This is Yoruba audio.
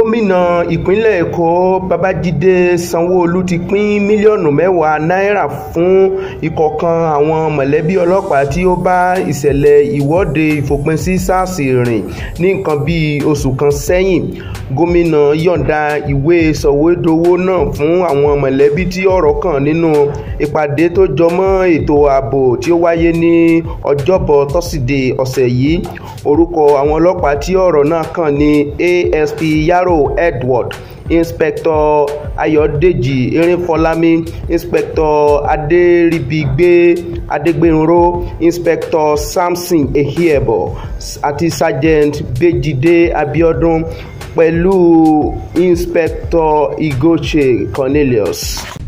gómìnà ìpínlẹ̀ èkó babájídé olu ti pín mílíọ̀nù mẹ́wàá náírà fún ìkọ̀kan àwọn mọ̀lẹ́bí ọlọ́pàá tí ó bá ìṣẹ̀lẹ̀ ìwọ́de ìfòpin sí sars rìn ní nǹkan bíi oṣù kan sẹ́yìn gómìnà yọ̀ǹda ìwé sọ̀wédowó náà fún àwọn mọ̀lẹ́bí tí ọ̀rọ̀ kàn nínú ìpàdé tó jọmọ́ ètò ààbò tí ó wáyé ní ọjọ́bọ̀ tọ́sídẹ̀ẹ́ ọ̀sẹ̀ yìí orúkọ àwọn ọlọ́pàá tí ọ̀rọ̀ náà kàn ní asp yaro barrow edward inspector ayọ̀dèjì erinfolami inspector adéribigbe adégbénró inspector samson ehiebo àti sergeant bejide abiodun pẹ̀lú inspector igoche cornelius.